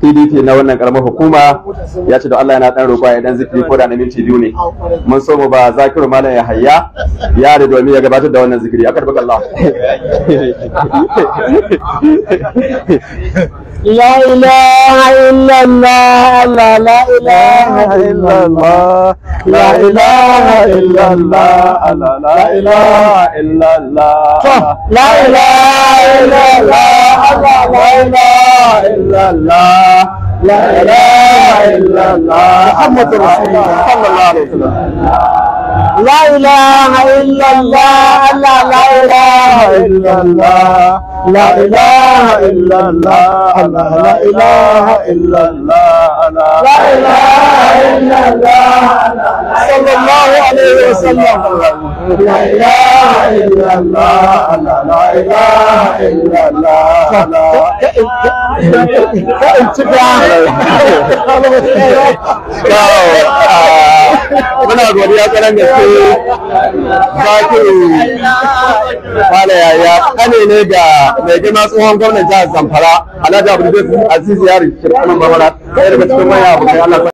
PDP na wannan karamar hukuma ya ce da Allah yana dan roƙo idan zikiri ko da na minti biyu ne mun so mu ba zakir malam ya hayya ya da domin ya gabatar da wannan zikiri akar baka Allah la ilaha illallah la la ilaha illallah la ilaha illallah la la ilaha illallah la ilaha اله إلا الله لا إله إلا الله محمد رسول الله صلى الله عليه وسلم لا إله إلا الله لا لا إله إلا الله لا إله إلا الله لا إله إلا الله لا إله إلا الله صلى الله عليه وسلم لا إله Allah, muna godiya karan da su yaya kane ne ga mai girma tsohon gwamnan jihar zamfara alhaji abu da aziz yari ɗaya daga cikin maya abu kai allah